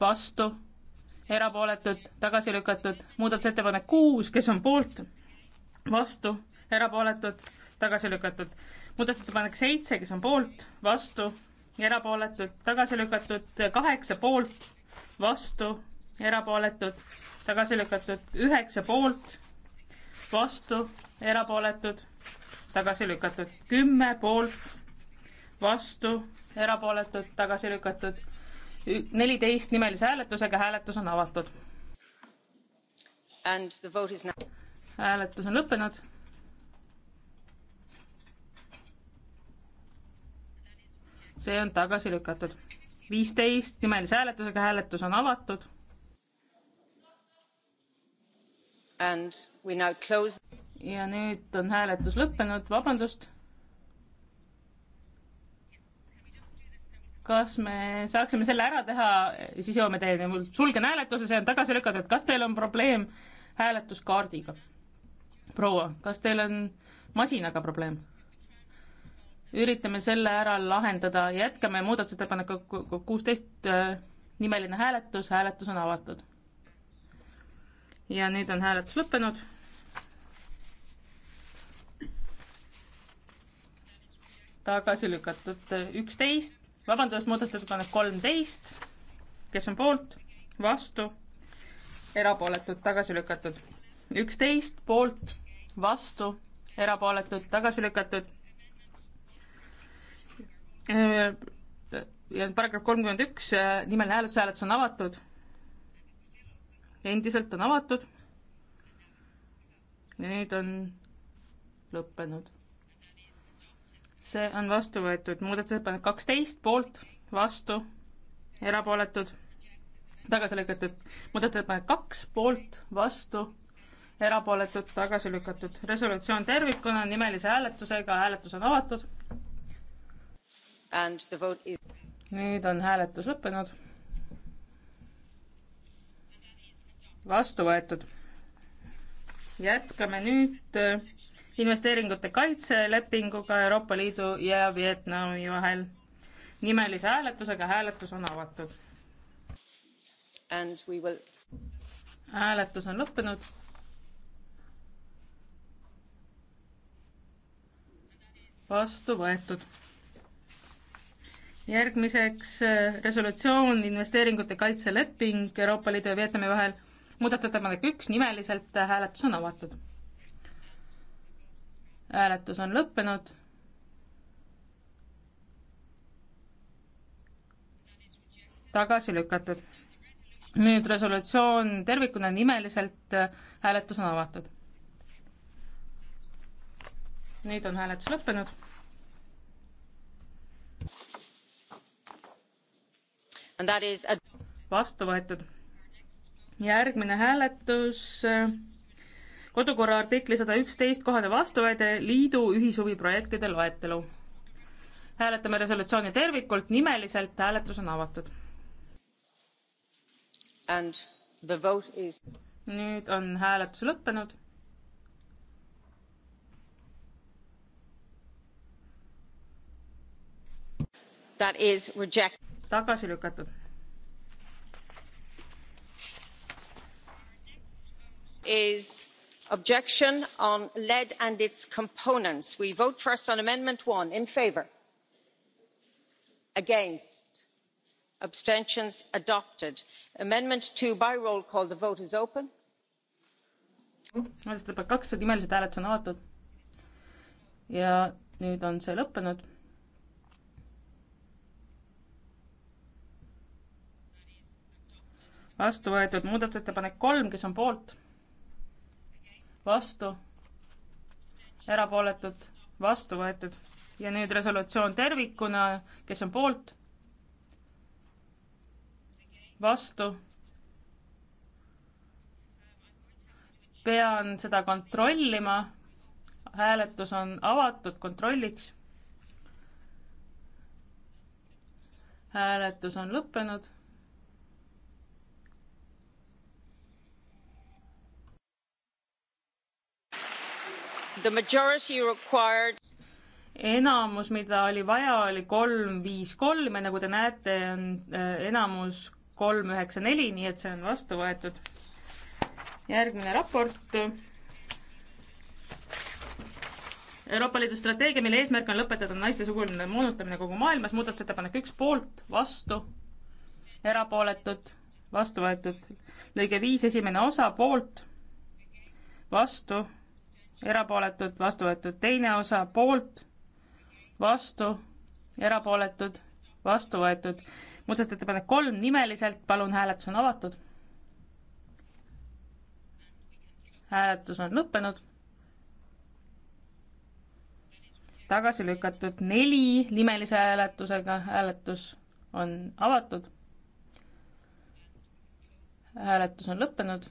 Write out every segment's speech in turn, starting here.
vastu, erapooletud, tagasi lükatud, muudatusettepanek kuus, kes on poolt, vastu, erapooletud, tagasi lükatud, muudatusettepanek seitse, kes on poolt, vastu, erapooletud, tagasi lükatud, kaheksa poolt, vastu, erapooletud, tagasi lükatud, üheksa poolt, vastu, erapooletud, tagasi lükatud, kümme poolt, vastu, erapooletud, tagasi lükatud neliteist nimelise hääletusega, hääletus on avatud. hääletus on lõppenud. see on tagasi lükatud. viisteist nimelise hääletusega hääletus on avatud. ja nüüd on hääletus lõppenud, vabandust kas me saaksime selle ära teha, siis jõuame teieni, mul sulgen hääletuse, see on tagasi lükatud, kas teil on probleem hääletuskaardiga? proua, kas teil on masinaga probleem? üritame selle ära lahendada, jätkame muudatusettepaneku kuusteist äh, nimeline hääletus, hääletus on avatud. ja nüüd on hääletus lõppenud. tagasi lükatud üksteist vabandust, muudatusettepanek kolmteist, kes on poolt, vastu, erapooletud, tagasi lükatud. üksteist poolt, vastu, erapooletud, tagasi lükatud. Äh, ja paragrahv kolmkümmend üks, äh, nimeline hääletus, hääletus on avatud. endiselt on avatud. ja nüüd on lõppenud see on vastu võetud, muudatusettepanek kaksteist, poolt, vastu, erapooletud, tagasi lükatud, muudatusettepanek kaks, poolt, vastu, erapooletud, tagasi lükatud. resolutsioon tervikuna nimelise hääletusega, hääletus on avatud. Is... nüüd on hääletus lõppenud. vastu võetud. jätkame nüüd äh, investeeringute kaitselepinguga Euroopa Liidu ja Vietnami vahel. nimelise hääletusega hääletus on avatud. Will... hääletus on lõppenud. vastu võetud. järgmiseks eh, resolutsioon investeeringute kaitseleping Euroopa Liidu ja Vietnami vahel. muudatusettepanek üks, nimeliselt hääletus on avatud hääletus on lõppenud. tagasi lükatud. nüüd resolutsioon tervikuna nimeliselt, hääletus on avatud. nüüd on hääletus lõppenud. vastu võetud. järgmine hääletus kodukorra artikli sada üksteist kohane vastuväide liidu ühishuviprojektide loetelu. hääletame resolutsiooni tervikult, nimeliselt hääletus on avatud. Is... nüüd on hääletus lõppenud tagasi lükatud. Is objection on lead and its components. we vote first on amendment one in favour against abstentions adopted. amendment two by roll call the vote is open. muudatusettepanek kakssada nimelised hääletused on avatud. ja nüüd on see lõppenud. vastu võetud muudatusettepanek kolm, kes on poolt vastu, erapooletud, vastu võetud. ja nüüd resolutsioon tervikuna, kes on poolt, vastu, pean seda kontrollima, hääletus on avatud kontrolliks. hääletus on lõppenud enamus, mida oli vaja, oli kolm, viis, kolm ja nagu te näete, on äh, enamus kolm, üheksa, neli, nii et see on vastu võetud. järgmine raport. Euroopa Liidu strateegia, mille eesmärk on lõpetada naiste suguline moonutamine kogu maailmas, muudatusettepanek üks poolt, vastu, erapooletud, vastu võetud. lõige viis, esimene osa, poolt, vastu erapooletud, vastu võetud, teine osa poolt, vastu, erapooletud, vastu võetud. muudatusettepanek kolm nimeliselt, palun, hääletus on avatud. hääletus on lõppenud. tagasi lükatud neli nimelise hääletusega, hääletus on avatud. hääletus on lõppenud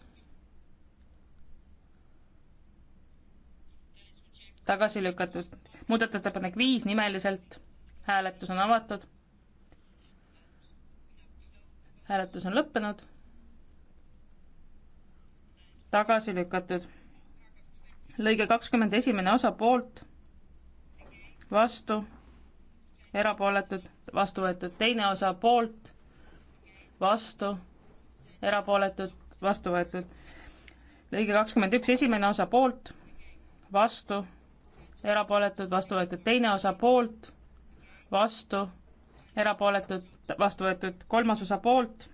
tagasi lükatud. muudatusettepanek viis nimeliselt, hääletus on avatud. hääletus on lõppenud. tagasi lükatud. lõige kakskümmend esimene osa poolt, vastu, erapooletud, vastu võetud, teine osa poolt, vastu, erapooletud, vastu võetud. lõige kakskümmend üks esimene osa poolt, vastu erapooletud, vastu võetud teine osa poolt, vastu, erapooletud, vastu võetud kolmas osa poolt,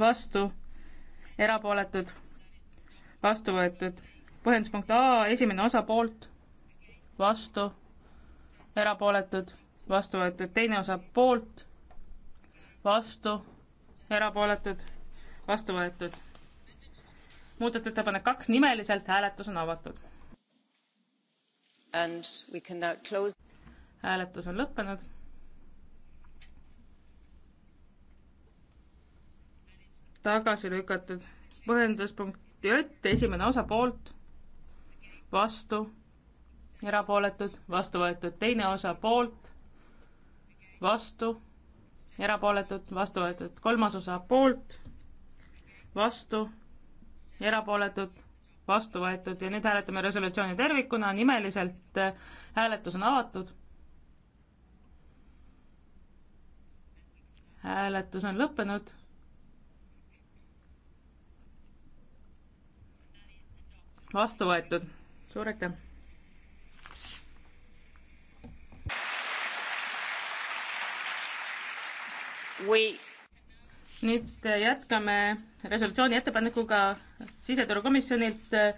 vastu, erapooletud, vastu võetud. põhjenduspunkt A, esimene osa poolt, vastu, erapooletud, vastu võetud teine osa poolt, vastu, erapooletud, vastu võetud. muudatusettepanek kaks, nimeliselt hääletus on avatud hääletus on lõppenud. tagasi lükatud põhjenduspunkt J, esimene osa poolt, vastu, erapooletud, vastu võetud, teine osa poolt, vastu, erapooletud, vastu võetud, kolmas osa poolt, vastu, erapooletud vastu võetud ja nüüd hääletame resolutsiooni tervikuna, nimeliselt äh, hääletus on avatud. hääletus on lõppenud. vastu võetud, suur aitäh. We nüüd äh, jätkame resolutsiooni ettepanekuga siseturukomisjonilt äh,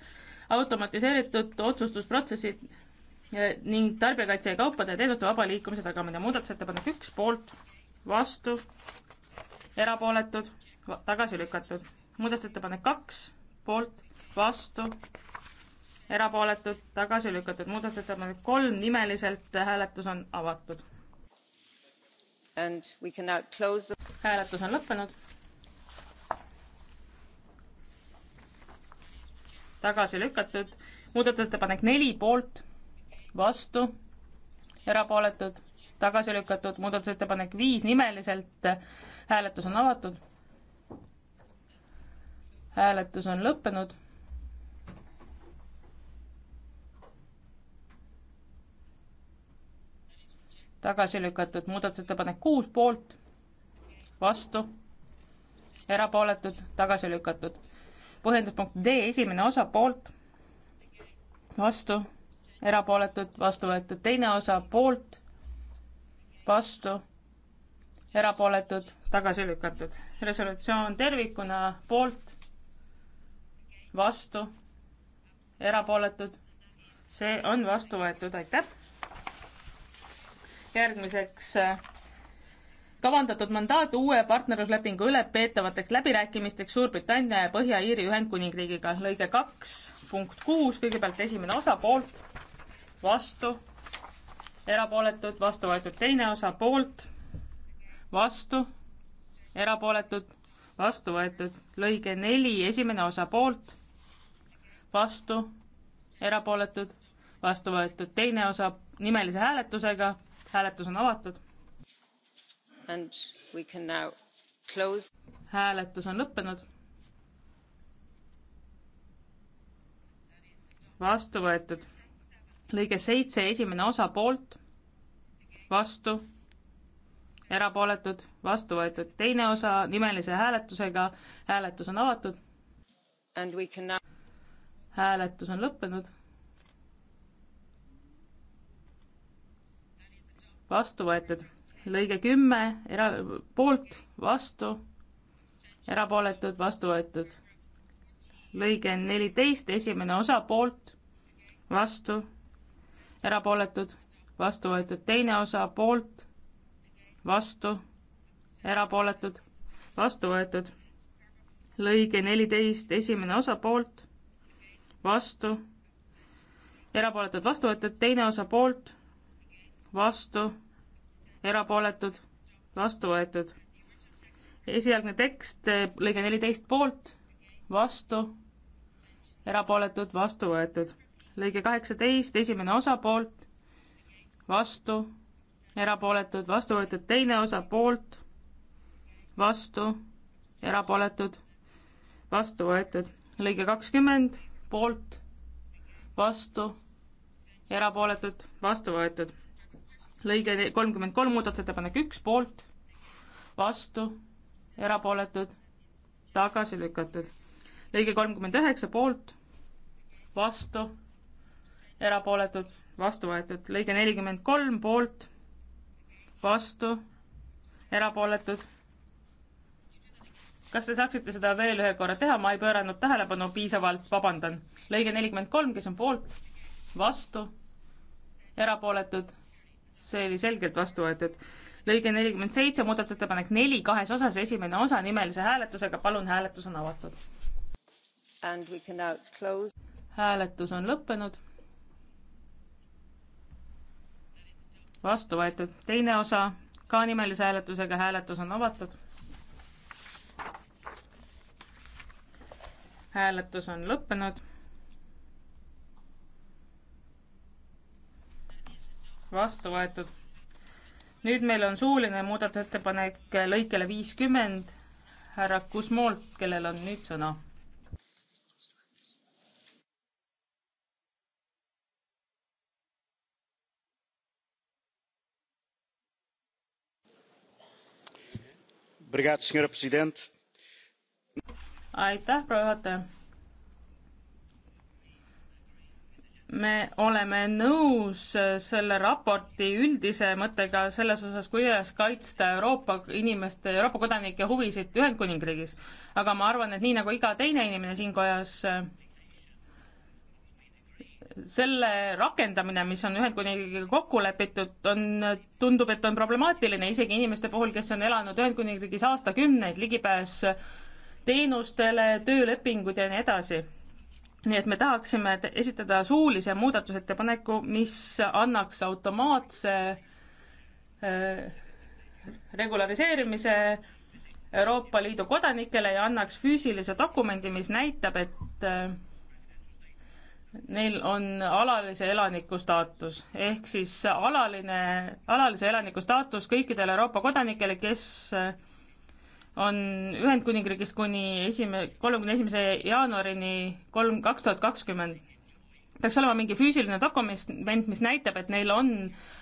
automatiseeritud otsustusprotsessid äh, ning tarbijakaitse ja kaupade ja teenuste vaba liikumise tagamine. muudatusettepanek üks poolt, vastu, erapooletud, tagasi lükatud. muudatusettepanek kaks poolt, vastu, erapooletud, tagasi lükatud. muudatusettepanek kolm nimeliselt hääletus on avatud. The... hääletus on lõppenud tagasi lükatud, muudatusettepanek neli poolt, vastu, erapooletud, tagasi lükatud, muudatusettepanek viis nimeliselt, hääletus on avatud. hääletus on lõppenud. tagasi lükatud muudatusettepanek kuus poolt, vastu, erapooletud, tagasi lükatud põhjenduspunkt D esimene osa poolt, vastu, erapooletud, vastu võetud, teine osa poolt, vastu, erapooletud, tagasi lükatud. resolutsioon tervikuna poolt, vastu, erapooletud, see on vastu võetud, aitäh. järgmiseks kavandatud mandaat uue partnerluslepingu üle peetavateks läbirääkimisteks Suurbritannia ja Põhja-Iiri Ühendkuningriigiga. lõige kaks punkt kuus, kõigepealt esimene osa poolt, vastu, erapooletud, vastu võetud teine osa poolt, vastu, erapooletud, vastu võetud. lõige neli, esimene osa poolt, vastu, erapooletud, vastu võetud teine osa nimelise hääletusega. hääletus on avatud hääletus on lõppenud. vastu võetud. lõige seitse, esimene osa poolt, vastu, erapooletud, vastu võetud. teine osa nimelise hääletusega, hääletus on avatud. Now... hääletus on lõppenud. vastu võetud lõige kümme, era-, poolt, vastu, erapooletud, vastu võetud. lõige neliteist, esimene osa, poolt, vastu, erapooletud, vastu võetud, teine osa, poolt, vastu, erapooletud, vastu võetud. lõige neliteist, esimene osa, poolt, vastu, erapooletud, vastu võetud, teine osa, poolt, vastu erapooletud, vastu võetud. esialgne tekst, eh, lõige neliteist poolt, vastu, erapooletud, vastu võetud. lõige kaheksateist, esimene osa poolt, vastu, erapooletud, vastu võetud, teine osa poolt, vastu, erapooletud, vastu võetud. lõige kakskümmend, poolt, vastu, erapooletud, vastu võetud lõige kolmkümmend kolm, muudatusettepanek üks, poolt, vastu, erapooletud, tagasi lükatud. lõige kolmkümmend üheksa, poolt, vastu, erapooletud, vastu võetud. lõige nelikümmend kolm, poolt, vastu, erapooletud. kas te saaksite seda veel ühe korra teha, ma ei pööranud tähelepanu piisavalt, vabandan. lõige nelikümmend kolm, kes on poolt, vastu, erapooletud see oli selgelt vastu võetud. lõige nelikümmend seitse, muudatusettepanek neli kahes osas, esimene osa nimelise hääletusega, palun, hääletus on avatud. hääletus on lõppenud. vastu võetud, teine osa ka nimelise hääletusega, hääletus on avatud. hääletus on lõppenud vastu võetud. nüüd meil on suuline muudatusettepanek lõikele viiskümmend härra Kusmoolt, kellel on nüüd sõna. aitäh, proua juhataja me oleme nõus selle raporti üldise mõttega selles osas, kuidas kaitsta Euroopa inimeste, Euroopa kodanike huvisid Ühendkuningriigis. aga ma arvan, et nii nagu iga teine inimene siin kojas, selle rakendamine, mis on Ühendkuningriigiga kokku lepitud, on, tundub, et on problemaatiline isegi inimeste puhul, kes on elanud Ühendkuningriigis aastakümneid, ligipääs teenustele, töölepingud ja nii edasi nii et me tahaksime esitada suulise muudatusettepaneku, mis annaks automaatse äh, regulariseerimise Euroopa Liidu kodanikele ja annaks füüsilise dokumendi, mis näitab, et äh, neil on alalise elaniku staatus. ehk siis alaline, alalise elaniku staatus kõikidele Euroopa kodanikele, kes äh, on Ühendkuningriigis kuni esime-, kolmekümne esimese jaanuarini kolm, kaks tuhat kakskümmend. peaks olema mingi füüsiline dokument, mis näitab, et neil on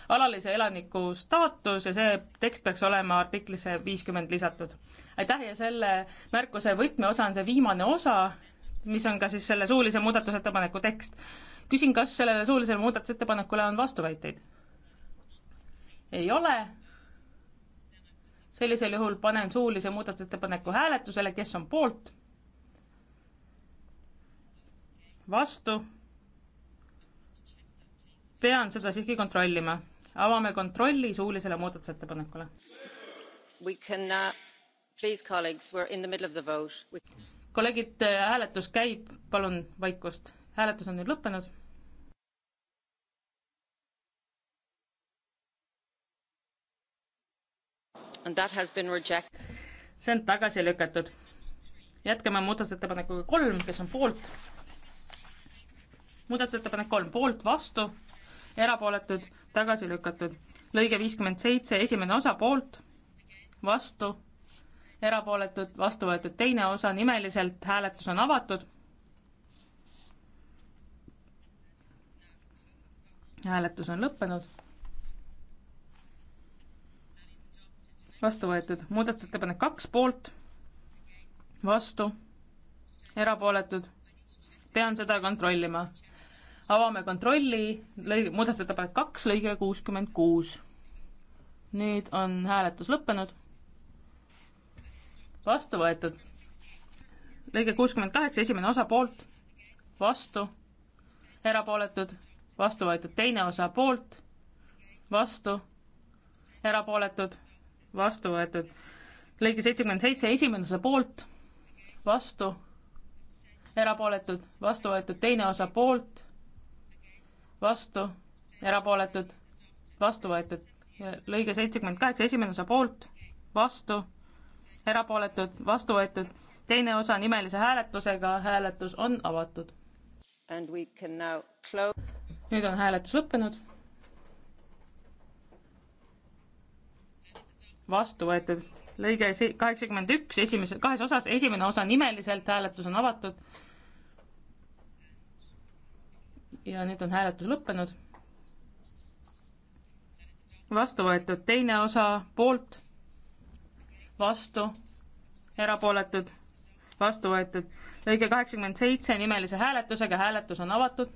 alalise elaniku staatus ja see tekst peaks olema artiklisse viiskümmend lisatud. aitäh ja selle märkuse võtmeosa on see viimane osa, mis on ka siis selle suulise muudatusettepaneku tekst. küsin, kas sellele suulisele muudatusettepanekule on vastuväiteid? ei ole sellisel juhul panen suulise muudatusettepaneku hääletusele, kes on poolt? vastu? pean seda siiski kontrollima. avame kontrolli suulisele muudatusettepanekule. Uh, kolleegid, hääletus käib, palun vaikust. hääletus on nüüd lõppenud see on tagasi lükatud. jätkame muudatusettepanekuga kolm, kes on poolt. muudatusettepanek kolm, poolt, vastu, erapooletud, tagasi lükatud. lõige viiskümmend seitse, esimene osa poolt, vastu, erapooletud, vastu võetud, teine osa nimeliselt, hääletus on avatud. hääletus on lõppenud vastu võetud, muudatusettepanek kaks poolt, vastu, erapooletud, pean seda kontrollima. avame kontrolli, lõige, muudatusettepanek kaks, lõige kuuskümmend kuus. nüüd on hääletus lõppenud, vastu võetud, lõige kuuskümmend kaheksa, esimene osa poolt, vastu, erapooletud, vastu võetud, teine osa poolt, vastu, erapooletud vastu võetud. lõige seitsekümmend seitse, esimene osa poolt, vastu, erapooletud, vastu võetud, teine osa poolt, vastu, erapooletud, vastu võetud. lõige seitsekümmend kaheksa, esimene osa poolt, vastu, erapooletud, vastu võetud, teine osa nimelise hääletusega, hääletus on avatud. nüüd on hääletus lõppenud vastu võetud. lõige kaheksakümmend üks, esimese, kahes osas, esimene osa nimeliselt, hääletus on avatud. ja nüüd on hääletus lõppenud. vastu võetud teine osa, poolt, vastu, erapooletud, vastu võetud. lõige kaheksakümmend seitse nimelise hääletusega, hääletus on avatud.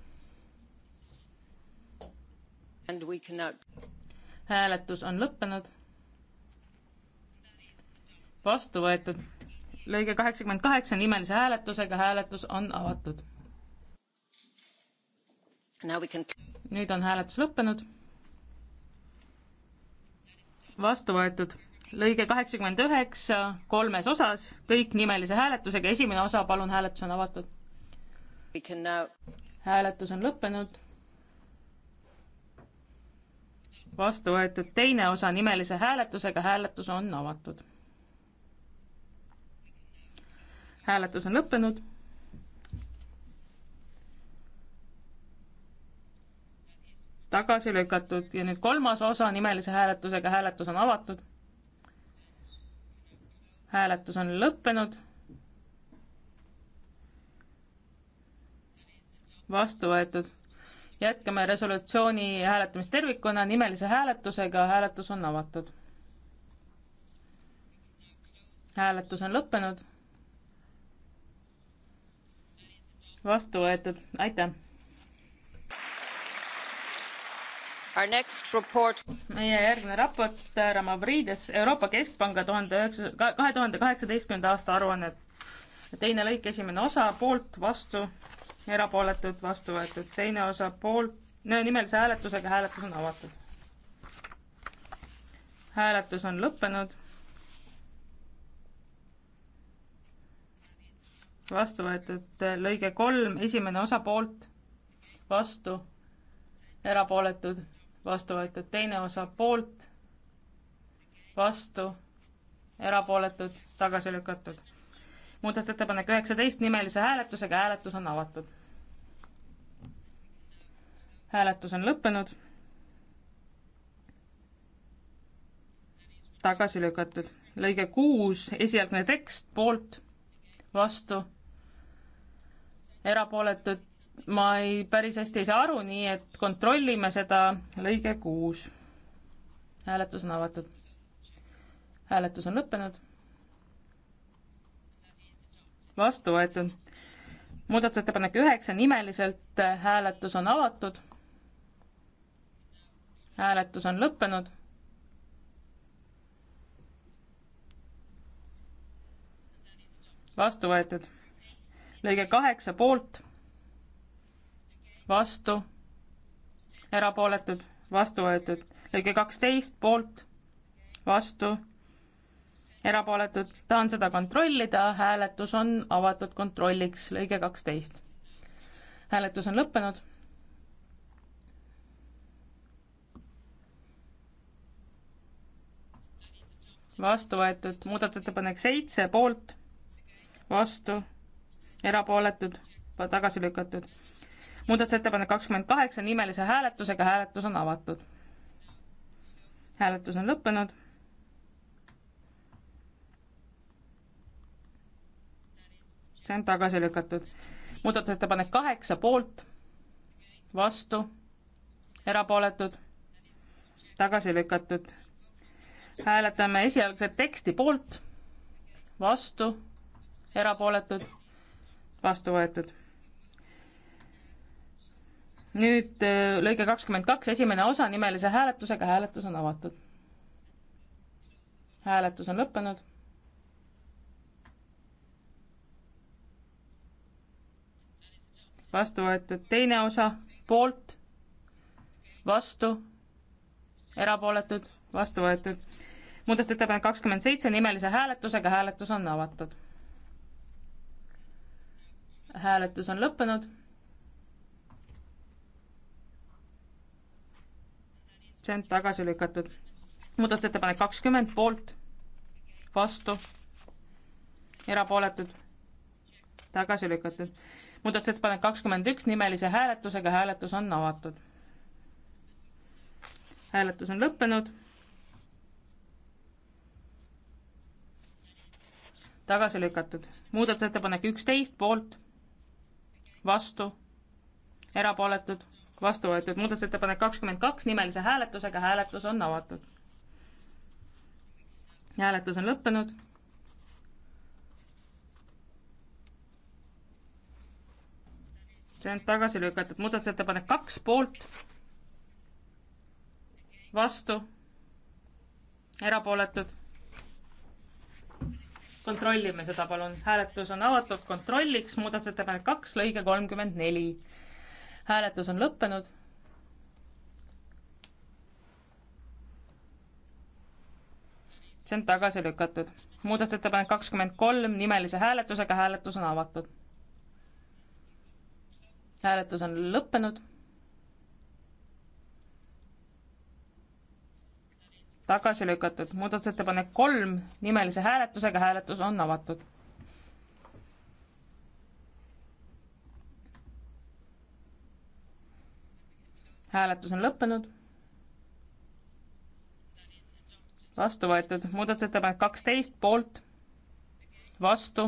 hääletus on lõppenud vastu võetud. lõige kaheksakümmend kaheksa nimelise hääletusega, hääletus on avatud. Can... nüüd on hääletus lõppenud. vastu võetud. lõige kaheksakümmend üheksa kolmes osas, kõik nimelise hääletusega, esimene osa, palun, hääletus on avatud. Now... hääletus on lõppenud vastu võetud teine osa nimelise hääletusega, hääletus on avatud hääletus on lõppenud. tagasi lükatud ja nüüd kolmas osa nimelise hääletusega, hääletus on avatud. hääletus on lõppenud. vastu võetud. jätkame resolutsiooni hääletamist tervikuna nimelise hääletusega, hääletus on avatud. hääletus on lõppenud vastu võetud, aitäh. meie järgmine raport, härra Mavrides, Euroopa Keskpanga tuhande üheksa, kahe tuhande kaheksateistkümnenda aasta aruanne. teine lõik, esimene osa, poolt, vastu, erapooletud, vastu võetud, teine osa, poolt, nimelise hääletusega hääletus on avatud. hääletus on lõppenud vastu võetud lõige kolm, esimene osa poolt, vastu, erapooletud, vastu võetud teine osa poolt, vastu, erapooletud, tagasi lükatud. muudatusettepanek üheksateist nimelise hääletusega, hääletus on avatud. hääletus on lõppenud. tagasi lükatud lõige kuus, esialgne tekst poolt, vastu erapooletud ma ei, päris hästi ei saa aru, nii et kontrollime seda, lõige kuus. hääletus on avatud. hääletus on lõppenud. vastu võetud. muudatusettepanek üheksa, nimeliselt hääletus on avatud. hääletus on lõppenud. vastu võetud lõige kaheksa poolt, vastu, erapooletud, vastu võetud. lõige kaksteist poolt, vastu, erapooletud. tahan seda kontrollida, hääletus on avatud kontrolliks, lõige kaksteist. hääletus on lõppenud vastu võetud, muudatusettepanek seitse poolt, vastu, erapooletud, tagasi lükatud. muudatusettepanek kakskümmend kaheksa nimelise hääletusega, hääletus on avatud. hääletus on lõppenud. see on tagasi lükatud. muudatusettepanek kaheksa poolt, vastu, erapooletud, tagasi lükatud. hääletame esialgset teksti poolt, vastu, erapooletud vastu võetud. nüüd äh, lõige kakskümmend kaks, esimene osa nimelise hääletusega, hääletus on avatud. hääletus on lõppenud. vastu võetud teine osa, poolt, vastu, erapooletud, vastu võetud. muudatusettepanek kakskümmend seitse nimelise hääletusega, hääletus on avatud hääletus on lõppenud. see on tagasi lükatud. muudatusettepanek kakskümmend poolt, vastu, erapooletud, tagasi lükatud. muudatusettepanek kakskümmend üks nimelise hääletusega, hääletus on avatud. hääletus on lõppenud. tagasi lükatud. muudatusettepanek üksteist poolt vastu, erapooletud, vastu võetud. muudatusettepanek kakskümmend kaks nimelise hääletusega, hääletus on avatud. hääletus on lõppenud. see on tagasi lükatud. muudatusettepanek kaks poolt, vastu, erapooletud kontrollime seda, palun. hääletus on avatud kontrolliks, muudatusettepanek kaks, lõige kolmkümmend neli. hääletus on lõppenud. see on tagasi lükatud. muudatusettepanek kakskümmend kolm, nimelise hääletusega hääletus on avatud. hääletus on lõppenud tagasi lükatud. muudatusettepanek kolm nimelise hääletusega, hääletus on avatud. hääletus on lõppenud. vastu võetud muudatusettepanek kaksteist, poolt, vastu,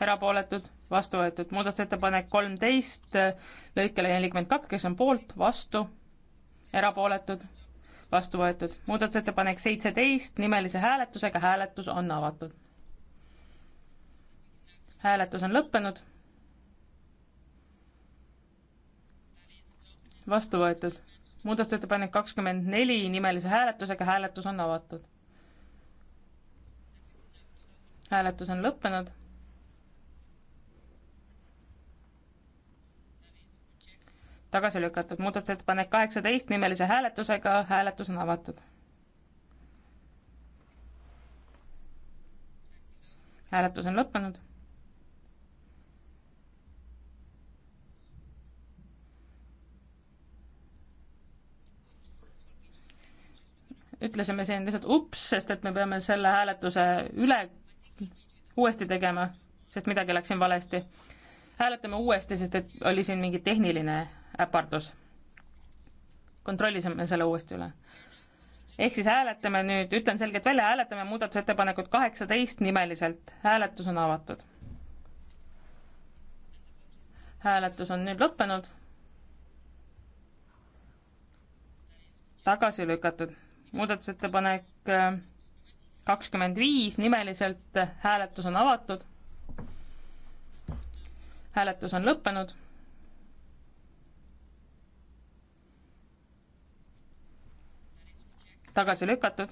erapooletud, vastu võetud muudatusettepanek kolmteist lõikele nelikümmend kaks, kes on poolt, vastu, erapooletud vastu võetud. muudatusettepanek seitseteist nimelise hääletusega, hääletus on avatud. hääletus on lõppenud. vastu võetud. muudatusettepanek kakskümmend neli nimelise hääletusega, hääletus on avatud. hääletus on lõppenud tagasi lükatud, muudatusettepanek kaheksateist nimelise hääletusega, hääletus on avatud. hääletus on lõppenud. ütlesime siin lihtsalt ups, sest et me peame selle hääletuse üle uuesti tegema, sest midagi läks siin valesti. hääletame uuesti, sest et oli siin mingi tehniline äpardus. kontrollisime selle uuesti üle. ehk siis hääletame nüüd, ütlen selgelt välja, hääletame muudatusettepanekut kaheksateist nimeliselt, hääletus on avatud. hääletus on nüüd lõppenud. tagasi lükatud, muudatusettepanek äh, kakskümmend viis nimeliselt, hääletus on avatud. hääletus on lõppenud tagasi lükatud.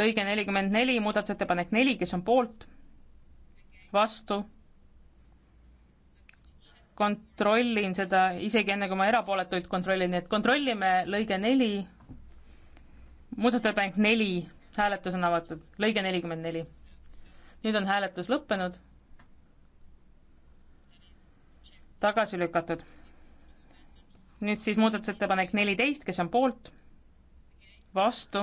lõige nelikümmend neli, muudatusettepanek neli, kes on poolt, vastu, kontrollin seda isegi enne, kui ma erapooletuid kontrollin, nii et kontrollime lõige neli, muudatusettepanek neli, hääletus on avatud, lõige nelikümmend neli. nüüd on hääletus lõppenud, tagasi lükatud nüüd siis muudatusettepanek neliteist, kes on poolt vastu,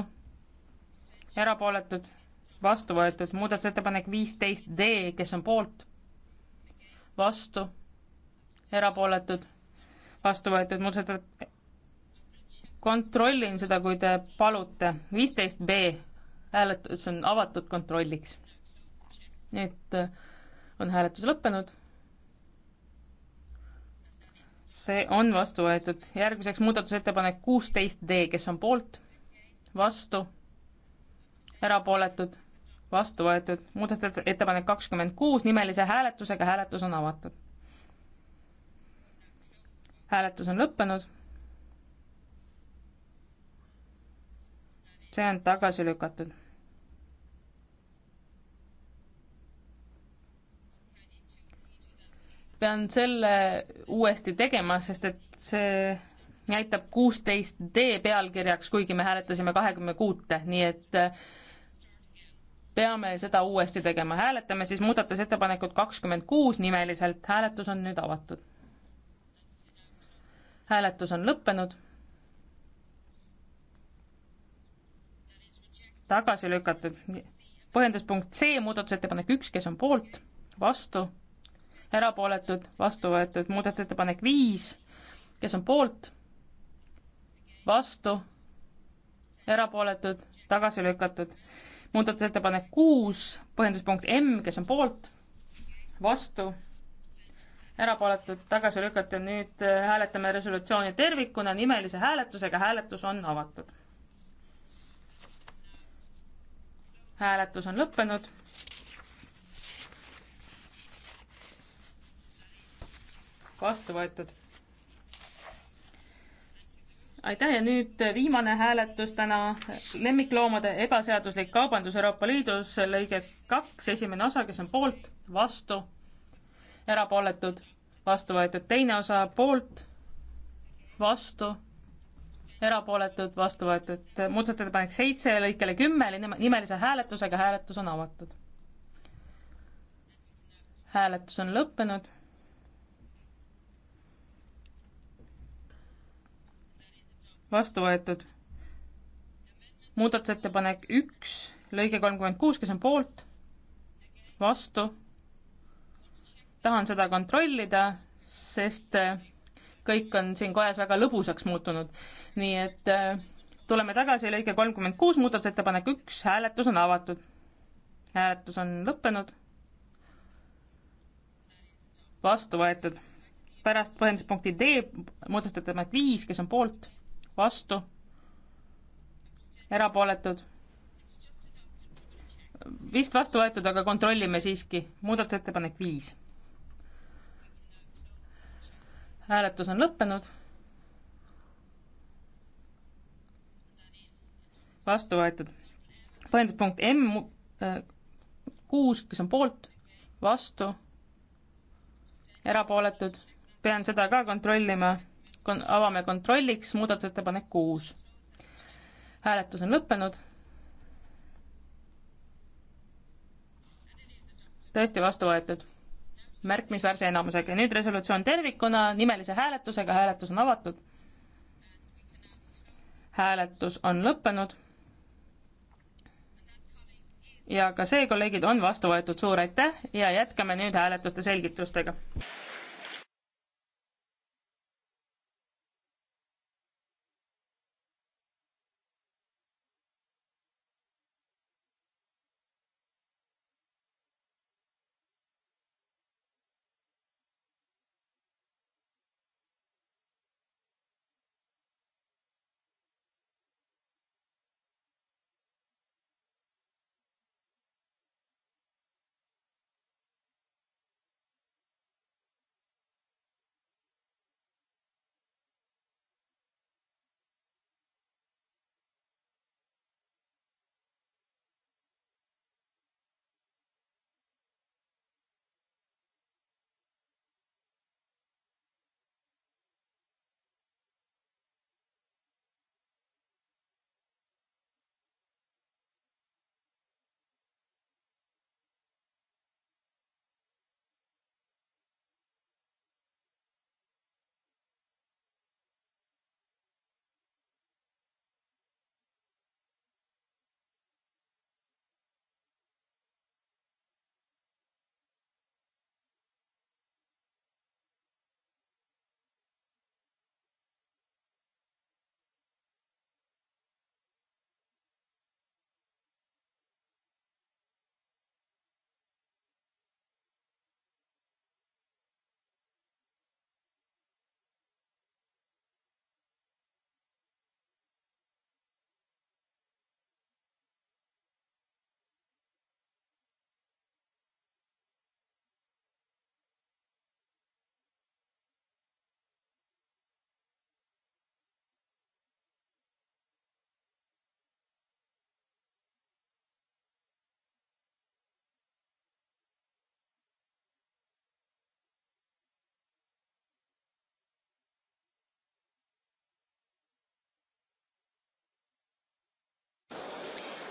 erapooletud, vastu võetud, muudatusettepanek viisteist D, kes on poolt, vastu, erapooletud, vastu võetud, muudatusettepanek, kontrollin seda, kui te palute, viisteist B, hääletus on avatud kontrolliks. nüüd äh, on hääletus lõppenud see on vastu võetud. järgmiseks muudatusettepanek kuusteist D, kes on poolt? vastu, erapooletud, vastu võetud. muudatusettepanek kakskümmend kuus, nimelise hääletusega hääletus on avatud. hääletus on lõppenud. see on tagasi lükatud. pean selle uuesti tegema, sest et see jätab kuusteist D pealkirjaks, kuigi me hääletasime kahekümne kuute, nii et äh, peame seda uuesti tegema. hääletame siis muudatusettepanekut kakskümmend kuus nimeliselt. hääletus on nüüd avatud. hääletus on lõppenud. tagasi lükatud. põhjenduspunkt C, muudatusettepanek üks, kes on poolt, vastu, erapooletud, vastu võetud. muudatusettepanek viis, kes on poolt vastu, erapooletud, tagasi lükatud. muudatusettepanek kuus, põhjenduspunkt M, kes on poolt, vastu, erapooletud, tagasi lükatud. nüüd äh, hääletame resolutsiooni tervikuna nimelise hääletusega, hääletus on avatud. hääletus on lõppenud vastu võetud aitäh ja nüüd viimane hääletus täna, lemmikloomade ebaseaduslik kaubandus Euroopa Liidus, lõige kaks, esimene osa, kes on poolt, vastu, erapooletud, vastu võetud, teine osa poolt, vastu, erapooletud, vastu võetud, muudatusettepanek seitse lõikele kümme, nimelise hääletusega hääletus on avatud. hääletus on lõppenud vastu võetud. muudatusettepanek üks, lõige kolmkümmend kuus, kes on poolt, vastu, tahan seda kontrollida, sest äh, kõik on siin kojas väga lõbusaks muutunud. nii et äh, tuleme tagasi, lõige kolmkümmend kuus, muudatusettepanek üks, hääletus on avatud. hääletus on lõppenud. vastu võetud. pärast põhjenduspunkti D muudatusettepanek viis, kes on poolt vastu, erapooletud, vist vastu võetud, aga kontrollime siiski, muudatusettepanek viis. hääletus on lõppenud. vastu võetud. põhjenduspunkt M äh, kuus, kes on poolt, vastu, erapooletud, pean seda ka kontrollima kon-, avame kontrolliks muudatusettepanek kuus. hääletus on lõppenud. tõesti vastu võetud märkimisväärse enamusega ja nüüd resolutsioon tervikuna nimelise hääletusega, hääletus on avatud. hääletus on lõppenud. ja ka see, kolleegid, on vastu võetud, suur aitäh ja jätkame nüüd hääletuste selgitustega.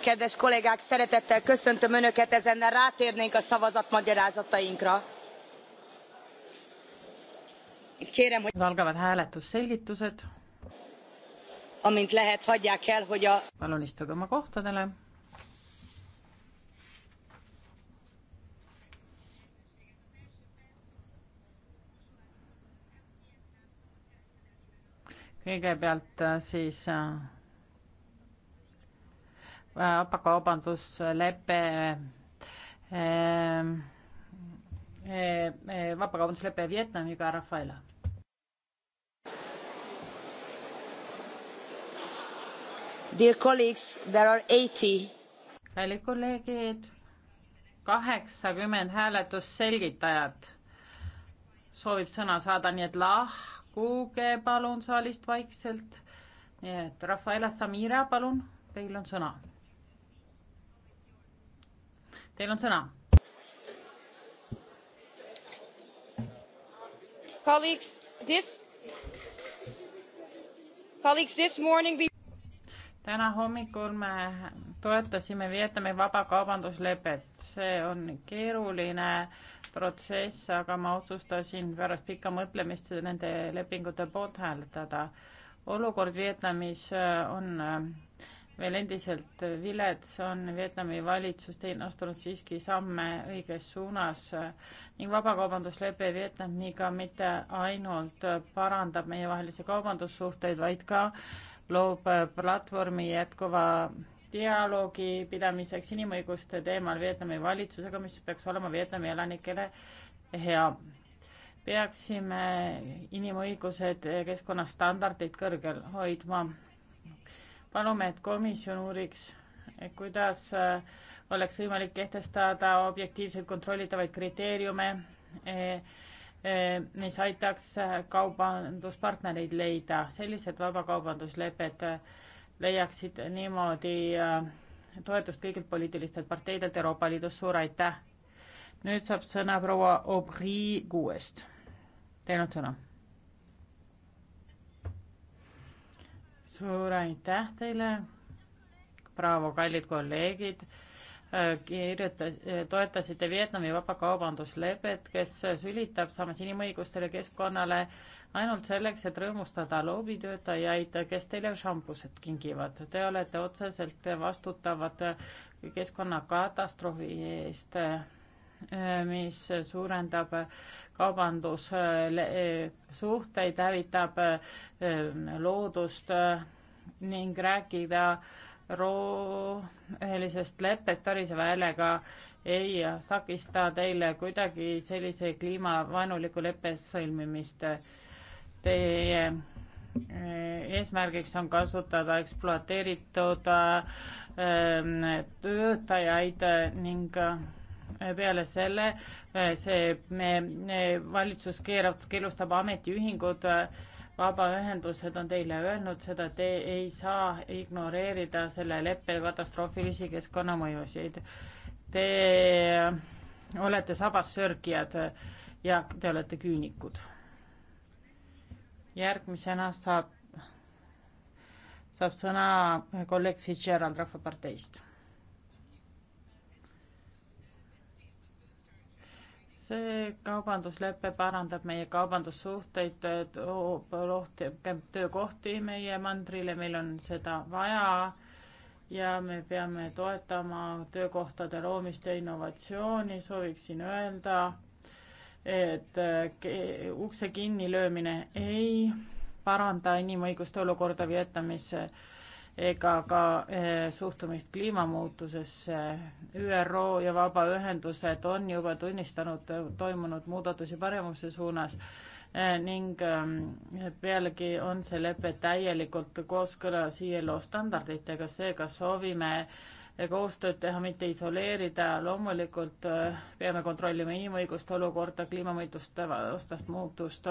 kedves kollégák szeretettel köszöntöm önöket ezennel rátérnénk a szavazatmagyarázatainkra. kérem hogy. algavad hääletusselgitused. amint lehet hagyják el hogy a. palun istuge oma kohtadele. kõigepealt äh, siis äh, vabakaubanduslepe ehm, ehm, vabakaubanduslepe Vietnamiga, Rafaela. Dear colleagues, there are eighty. kallid kolleegid, kaheksakümmend hääletusselgitajat soovib sõna saada, nii et lahkuge palun saalist vaikselt. nii et Rafaela Samira, palun, teil on sõna Teil on sõna. Colleagues, this Colleagues, this morning we täna hommikul me toetasime Vietnami vabakaubanduslepet, see on keeruline protsess, aga ma otsustasin pärast pikka mõtlemist nende lepingute poolt hääletada. olukord Vietnamis on veel endiselt vilets, on Vietnami valitsus teinud, astunud siiski samme õiges suunas ning vabakaubanduslepe Vietnamiga mitte ainult parandab meievahelisi kaubandussuhteid, vaid ka loob platvormi jätkuva dialoogi pidamiseks inimõiguste teemal Vietnami valitsusega, mis peaks olema Vietnami elanikele hea. peaksime inimõigused, keskkonnastandardid kõrgel hoidma palume, et komisjon uuriks, kuidas äh, oleks võimalik kehtestada objektiivselt kontrollitavaid kriteeriume, äh, äh, mis aitaks kaubanduspartnereid leida. sellised vabakaubanduslepped leiaksid niimoodi toetust kõigilt poliitilistelt parteidelt Euroopa Liidus. suur aitäh! nüüd saab sõna proua Aubry kuuest. Teil on sõna suur aitäh teile, Bravo, kallid kolleegid äh, kirjuta-, äh, toetasite Vietnami vabakaubanduslepet, kes sülitab samas inimõigustele keskkonnale ainult selleks, et rõõmustada loobitöötajaid, kes teile šampused kingivad. Te olete otseselt vastutavad keskkonnakatastroofi eest, äh, mis suurendab kaubandussuhteid, hävitab eh, loodust eh, ning rääkida rohelisest leppest tariseva häälega ei takista teile kuidagi sellise kliimavaenuliku leppe sõlmimist. Teie eh, eesmärgiks on kasutada ekspluateeritud töötajaid ning peale selle eh, see me, me, valitsus keerab, keelustab ametiühingud, eh, vabaühendused on teile öelnud seda, te ei saa ignoreerida selle leppe katastroofilisi keskkonnamõjusid. Te olete sabassörgijad ja te olete küünikud. järgmisena saab, saab sõna kolleeg Fitzgerald Rahvaparteist see kaubanduslepe parandab meie kaubandussuhteid, toob rohkem töökohti meie mandrile, meil on seda vaja ja me peame toetama töökohtade loomist ja innovatsiooni, sooviksin öelda, et ukse kinnilöömine ei paranda inimõiguste olukorda Vietnamis ega ka eh, suhtumist kliimamuutusesse. ÜRO ja vabaühendused on juba tunnistanud eh, toimunud muudatusi paremuse suunas eh, ning pealegi on see lepe täielikult kooskõlas ILO standarditega, seega soovime koostööd teha, mitte isoleerida, loomulikult äh, peame kontrollima inimõiguste olukorda, kliimamuutuste vastast muutust,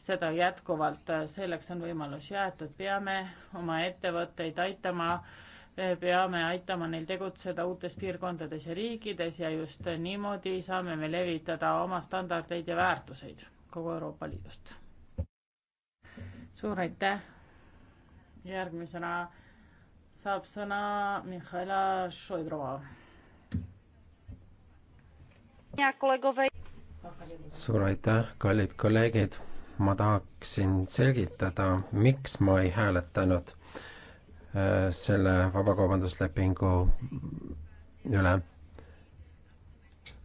seda jätkuvalt, selleks on võimalus jäetud, peame oma ettevõtteid aitama, peame aitama neil tegutseda uutes piirkondades ja riikides ja just niimoodi saame me levitada oma standardeid ja väärtuseid kogu Euroopa Liidust. suur aitäh, järgmisena saab sõna Mihhaila Šoidrova. suur aitäh, kallid kolleegid. ma tahaksin selgitada, miks ma ei hääletanud äh, selle vabakaubanduslepingu üle.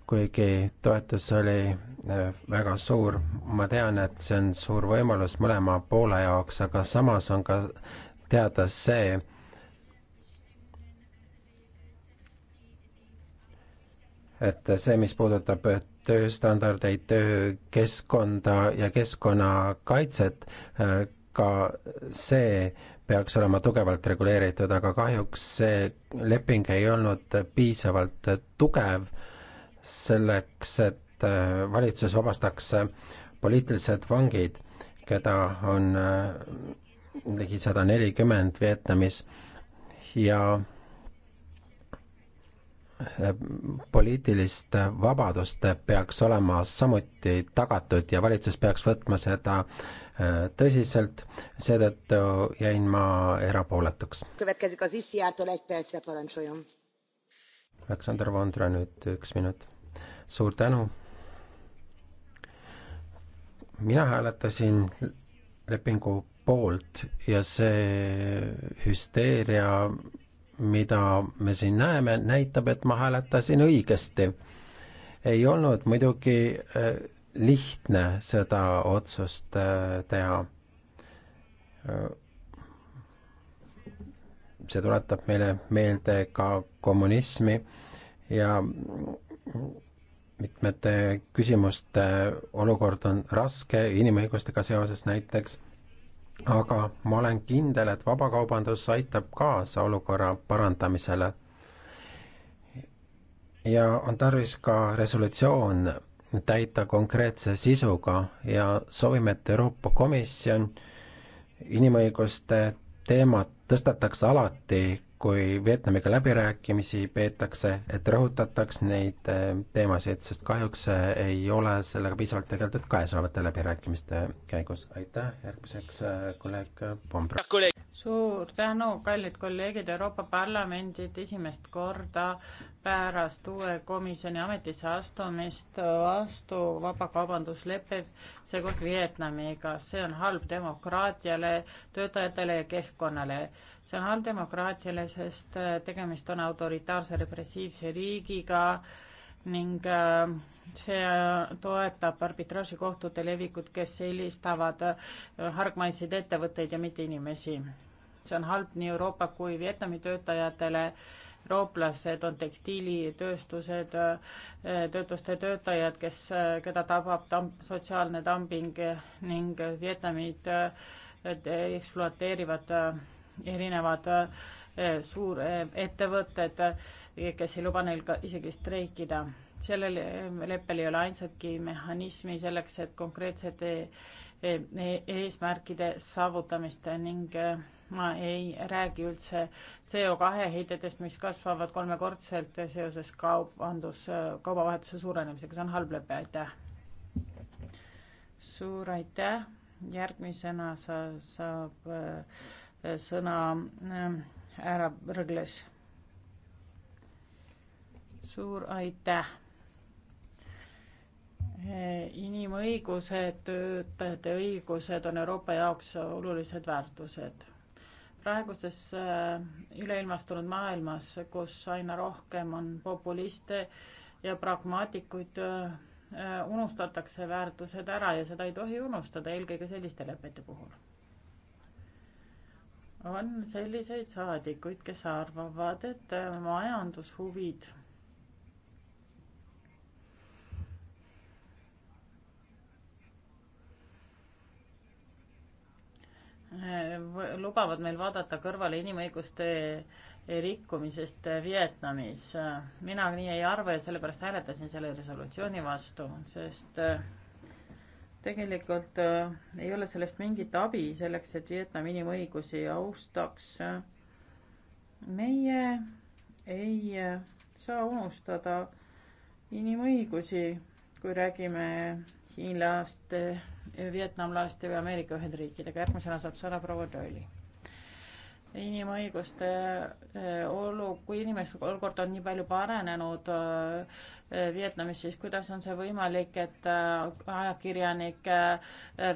kuigi toetus oli äh, väga suur, ma tean, et see on suur võimalus mõlema poole jaoks, aga samas on ka teada see, et see, mis puudutab tööstandardeid, töökeskkonda ja keskkonnakaitset, ka see peaks olema tugevalt reguleeritud, aga kahjuks see leping ei olnud piisavalt tugev selleks, et valitsus vabastaks poliitilised vangid, keda on ligi sada nelikümmend Vietnamis ja poliitilist vabadust peaks olema samuti tagatud ja valitsus peaks võtma seda äh, tõsiselt, seetõttu jäin ma erapooletuks. Aleksander Vondra nüüd üks minut. suur tänu. mina hääletasin lepingu poolt ja see hüsteeria mida me siin näeme, näitab, et ma hääletasin õigesti. ei olnud muidugi äh, lihtne seda otsust äh, teha. Äh, see tuletab meile meelde ka kommunismi ja mitmete küsimuste olukord on raske, inimõigustega seoses näiteks aga ma olen kindel, et vabakaubandus aitab kaasa olukorra parandamisele. ja on tarvis ka resolutsioon täita konkreetse sisuga ja soovime, et Euroopa Komisjon inimõiguste teemat tõstataks alati, kui Vietnamiga läbirääkimisi peetakse, et rõhutataks neid äh, teemasid, sest kahjuks äh, ei ole sellega piisavalt tegeldud käesolevate läbirääkimiste käigus. aitäh, järgmiseks äh, kolleeg Pombro suur tänu, kallid kolleegid, Euroopa Parlamendid esimest korda pärast uue komisjoni ametisse astumist vastu vabakaubanduslepe, seekord Vietnamiga. see on halb demokraatiale, töötajatele ja keskkonnale. see on halb demokraatiale, sest tegemist on autoritaarse repressiivse riigiga ning äh, see äh, toetab arbitraažikohtute levikut, kes eelistavad äh, hargmaiseid ettevõtteid ja mitte inimesi see on halb nii Euroopa kui Vietnami töötajatele. eurooplased on tekstiilitööstused, töötuste töötajad, kes, keda tabab tam-, sotsiaalne dumping ning Vietnamit ekspluateerivad äh, erinevad äh, suurettevõtted, kes ei luba neil ka isegi streikida sellel äh, leppel ei ole ainsatki mehhanismi selleks, et konkreetsete e-, eesmärkide saavutamist ning ma ei räägi üldse CO2 heitedest, mis kasvavad kolmekordselt seoses kaubandus, kaubavahetuse suurenemisega, see on halb lepe, aitäh. suur aitäh, järgmisena sa, saab äh, sõna äh, härra äh, Rõgles. suur aitäh äh, inimõigused, töötajate õigused on Euroopa jaoks olulised väärtused praeguses äh, üleilmastunud maailmas, kus aina rohkem on populiste ja pragmaatikuid, äh, äh, unustatakse väärtused ära ja seda ei tohi unustada, eelkõige selliste lepete puhul. on selliseid saadikuid, kes arvavad, et majandushuvid lubavad meil vaadata kõrvale inimõiguste rikkumisest Vietnamis. mina nii ei arva ja sellepärast hääletasin selle resolutsiooni vastu, sest äh, tegelikult äh, ei ole sellest mingit abi selleks, et Vietnam inimõigusi austaks. meie ei äh, saa unustada inimõigusi, kui räägime hiinlaste vietnamlaste ja Ameerika Ühendriikidega. järgmisena saab sõna proua Doyle'i. inimõiguste eh, olu, kui inimeste olukord on nii palju paranenud eh, Vietnamis, siis kuidas on see võimalik, et eh, ajakirjanik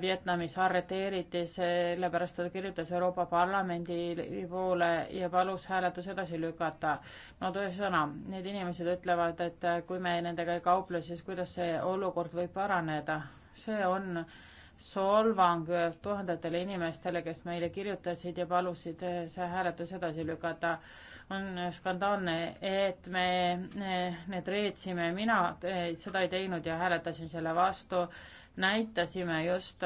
Vietnamis arreteeriti sellepärast, et ta kirjutas Euroopa Parlamendi poole ja palus hääletus edasi lükata. no tõesõna, need inimesed ütlevad, et kui me nendega ei kauple, siis kuidas see olukord võib paraneda see on solvang tuhandetele inimestele, kes meile kirjutasid ja palusid see hääletus edasi lükata. on skandaalne, et me need reetsime, mina seda ei teinud ja hääletasin selle vastu. näitasime just,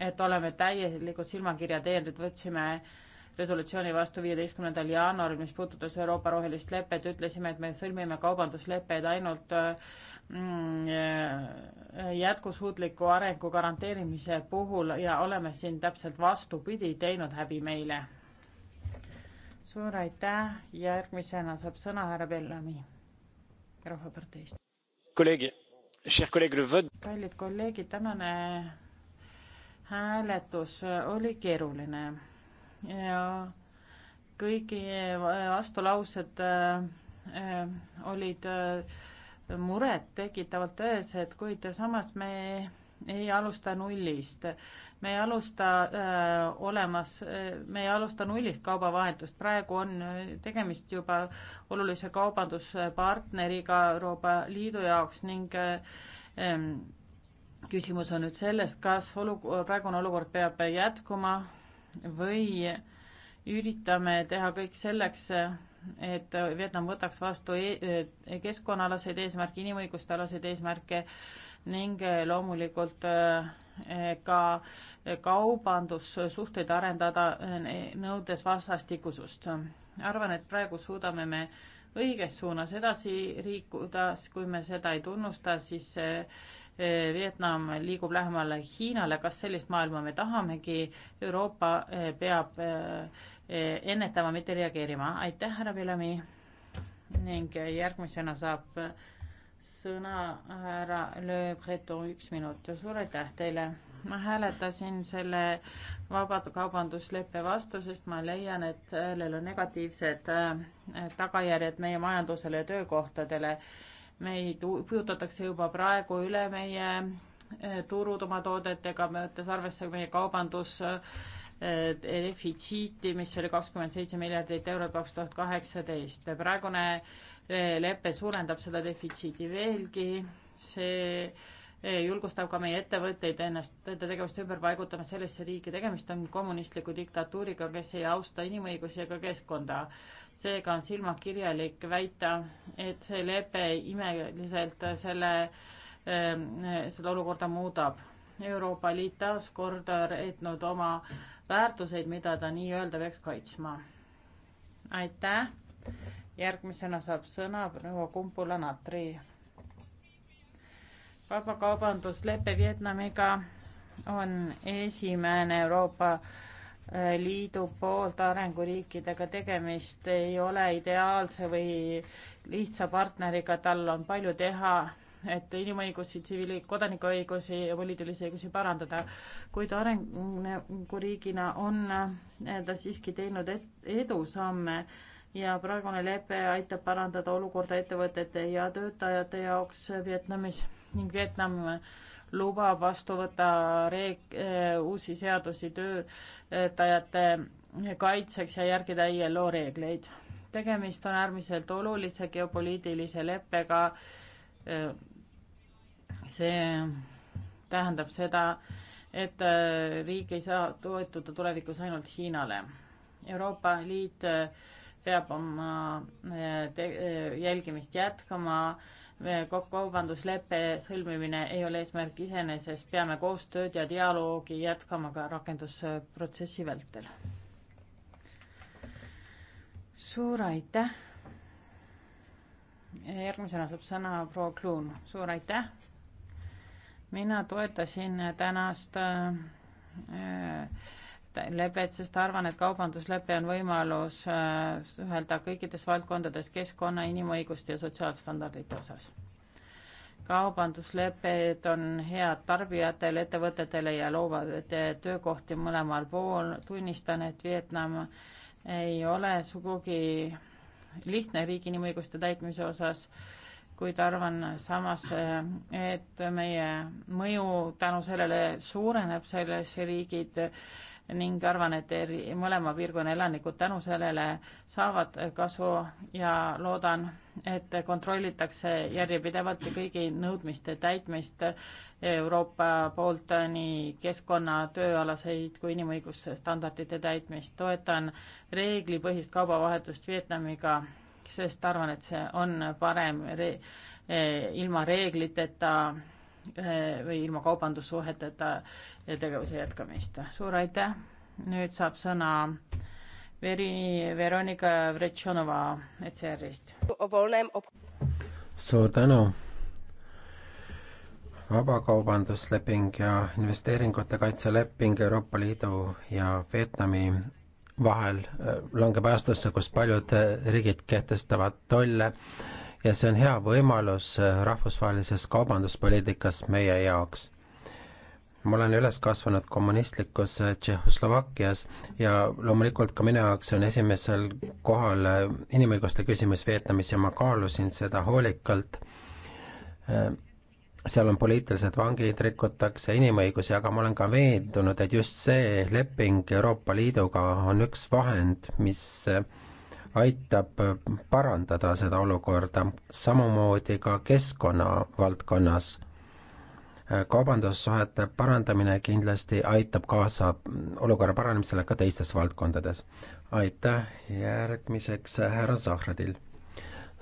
et oleme täielikult silmakirja teinud, võtsime resolutsiooni vastu viieteistkümnendal jaanuaril, mis puudutas Euroopa rohelist lepet, ütlesime, et me sõlmime kaubandusleppeid ainult mm, jätkusuutliku arengu garanteerimise puhul ja oleme siin täpselt vastupidi teinud häbi meile. suur aitäh ja järgmisena saab sõna härra Bellami Rahvaparteist. kallid kolleegid, tänane hääletus oli keeruline ja kõigi vastulaused äh, äh, olid äh, muret tekitavalt tõesed, kuid samas me ei alusta nullist. me ei alusta öö, äh, olemas, äh, me ei alusta nullist kaubavahetust, praegu on äh, tegemist juba olulise kaubanduspartneriga Euroopa Liidu jaoks ning öö, küsimus on nüüd selles, kas olu-, praegune olukord peab jätkuma või üritame teha kõik selleks, et Vietnam võtaks vastu e-, e-, keskkonnaalaseid eesmärke, inimõiguste alaseid eesmärke ning loomulikult e, ka kaubandussuhteid arendada, nõudes vastastikusust. arvan, et praegu suudame me õiges suunas edasi liikuda, kui me seda ei tunnusta, siis Vietnam liigub lähemale Hiinale, kas sellist maailma me tahamegi, Euroopa peab Eh, ennetama, mitte reageerima. aitäh, härra Pilami. ning järgmisena saab sõna härra Le Breton, üks minut. suur aitäh teile. ma hääletasin selle vabakaubandusleppe vastu, sest ma leian, et sellel on negatiivsed eh, tagajärjed meie majandusele ja töökohtadele. meid ujutatakse juba praegu üle meie eh, turud oma toodetega, võttes arvesse meie kaubandus äh, Eh, defitsiiti, mis oli kakskümmend seitse miljardit eurot kaks tuhat kaheksateist. praegune eh, lepe suurendab seda defitsiiti veelgi, see eh, julgustab ka meie ettevõtteid ennast, enda tegevust ümber paigutama sellesse riiki, tegemist on kommunistliku diktatuuriga, kes ei austa inimõigusi ega keskkonda. seega on silmakirjalik väita, et see lepe imeliselt selle, seda olukorda muudab. Euroopa Liit taas kord reetnud oma äh, väärtuseid, mida ta nii-öelda peaks kaitsma. aitäh. järgmisena saab sõna proua Kumpula Natri. vabakaubanduslepe Vietnamiga on esimene Euroopa äh, Liidu poolt arenguriikidega tegemist ei ole ideaalse või lihtsa partneriga, tal on palju teha et inimõigusi, tsiviili-, kodanikuõigusi ja poliitilisi õigusi parandada, kuid arenguriigina on äh, ta siiski teinud edusamme ja praegune lepe aitab parandada olukorda ettevõtete ja töötajate jaoks Vietnamis ning Vietnam lubab vastu võtta reeg-, äh, uusi seadusi töötajate kaitseks ja järgida ILO reegleid. tegemist on äärmiselt olulise geopoliitilise leppega äh, see tähendab seda, et äh, riik ei saa toetuda tulevikus ainult Hiinale. Euroopa Liit äh, peab oma äh, jälgimist jätkama. kaubanduslepe sõlmimine ei ole eesmärk iseenesest, peame koostööd ja dialoogi jätkama ka rakendusprotsessi vältel. suur aitäh. järgmisena saab sõna proua Kluun, suur aitäh mina toetasin tänast äh, äh, lepet, sest arvan, et kaubanduslepe on võimalus suhelda äh, kõikides valdkondades keskkonna, inimõiguste ja sotsiaalstandardite osas. kaubandusleped on head tarbijatele, ettevõtetele ja loovad töökohti mõlemal pool. tunnistan, et Vietnam ei ole sugugi lihtne riigi inimõiguste täitmise osas kuid arvan samas, et meie mõju tänu sellele suureneb, selles riigid ning arvan, et eri, mõlema piirkonna elanikud tänu sellele saavad kasu ja loodan, et kontrollitakse järjepidevalt kõigi nõudmiste täitmist Euroopa poolt, nii keskkonna, tööalaseid kui inimõigusstandardite täitmist. toetan reeglipõhist kaubavahetust Vietnamiga sest arvan, et see on parem re eh, ilma reegliteta eh, või ilma kaubandussuheteta tegevuse jätkamist. suur aitäh, nüüd saab sõna Veri-, Veronika Vretšonova ECR-ist. suur tänu vabakaubandusleping ja investeeringute kaitseleping Euroopa Liidu ja Vietnami vahel äh, langeb aastasse, kus paljud äh, riigid kehtestavad tolle ja see on hea võimalus äh, rahvusvahelises kaubanduspoliitikas meie jaoks. ma olen üles kasvanud kommunistlikus Tšehhoslovakkias ja loomulikult ka minu jaoks on esimesel kohal inimõiguste küsimus Vietnamis ja ma kaalusin seda hoolikalt seal on poliitilised vangid, rikutakse inimõigusi, aga ma olen ka veendunud, et just see leping Euroopa Liiduga on üks vahend, mis aitab parandada seda olukorda, samamoodi ka keskkonna valdkonnas. kaubandussuhete parandamine kindlasti aitab kaasa olukorra paranemisele ka teistes valdkondades. aitäh, järgmiseks härra Zahradil.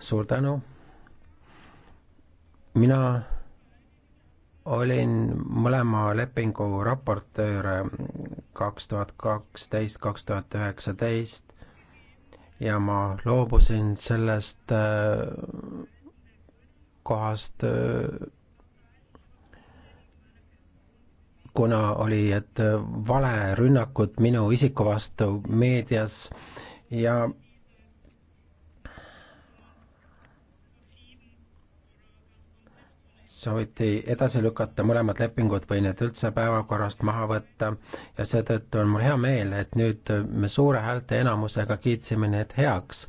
suur tänu, mina olin mõlema lepingu raportöör kaks tuhat kaksteist, kaks tuhat üheksateist ja ma loobusin sellest äh, kohast, äh, kuna oli, et äh, valerünnakud minu isiku vastu meedias ja sooviti edasi lükata mõlemad lepingud või need üldse päevakorrast maha võtta ja seetõttu on mul hea meel, et nüüd me suure häälteenamusega kiitsime need heaks